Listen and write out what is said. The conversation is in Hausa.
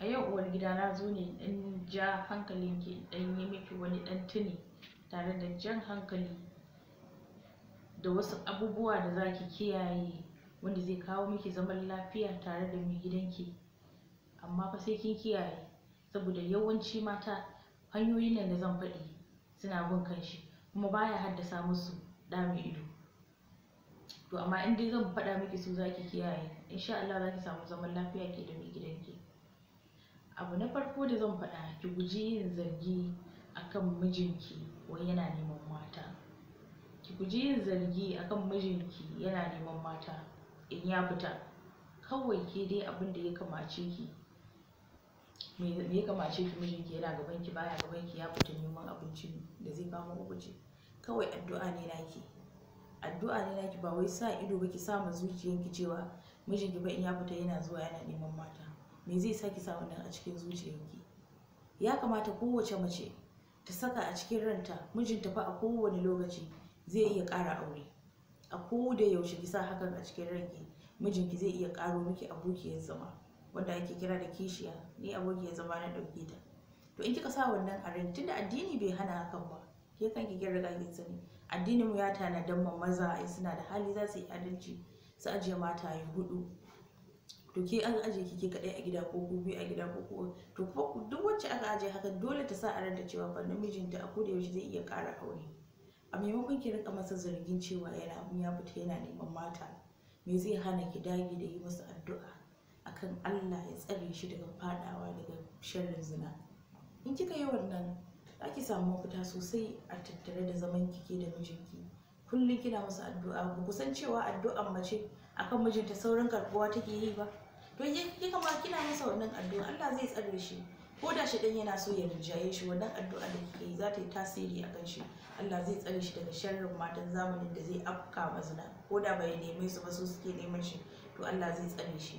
a yau uwar gida na zo ne in ja hankalin ki dan yi miki wani dan tuni tare da jan hankali da wasu abubuwa da za ki kiyaye wanda zai kawo miki zaman lafiya tare da mai gidanki amma fa sai kin kiyaye saboda yawanci mata hanyoyin nan da zan faɗi suna gun kanshi kuma baya haddasa musu ɗa mai ido to amma in dai zan faɗa miki su ki kiyaye insha Allah ki samu zaman lafiya ke da mai gidanki abu na farko da zan faɗa ki guji yin zargi akan mijinki wai yana neman mata ki guji yin zargi akan mijinki yana neman mata in ya fita kawai ke dai abin da ya kamace ki me ya kamace ki mijinki yana gaban ki baya gaban ki ya fita neman abinci da zai kama ku guje kawai addu'a ne naki addu'a ne naki ba wai sa ido ba ki sa ma zuciyanki cewa mijinki ba in ya fita yana zuwa yana neman mata me zai saki sa wannan a cikin zuciyarki ya kamata kowace mace ta saka a cikin ranta mijinta fa a kowane lokaci zai iya ƙara aure a koda yaushe ki sa hakan a cikin ranki mijinki zai iya ƙaro miki abokiyar zama wanda ake kira da kishiya ni abokiyar zama na ɗauke ta to in kika sa wannan a ran tunda addini bai hana hakan ba ke ki kira ga kin sani addinin mu ya tana dan maza ai suna da hali za su yi adalci su ajiye mataye yi hudu to ke an aje kike kadai a gida ko ku biyu a gida ko ku to duk wacce aka ajiye haka dole ta sa a ranta cewa fa namijinta a koda yaushe zai iya ƙara aure a maimakon ki rika masa zargin cewa yana ya fita yana neman mata me zai hana ki dage da yi masa addu'a akan Allah ya tsare shi daga fadawa daga sharrin zina in kika yi wannan za ki samu mafita sosai a tattare da zaman kike da mijinki kullum kina musu addu'a ba ku san cewa addu'an mace akan mijinta saurin karbuwa take yi ba to ya kama kina masa wannan addu'a Allah zai tsare shi ko da shi dan yana so ya rinjaye shi wannan addu'a da kike yi za ta yi tasiri a kan shi Allah zai tsare shi daga sharrin matan zamanin da zai afka mazina ko da bai neme su ba su suke neman shi to Allah zai tsare shi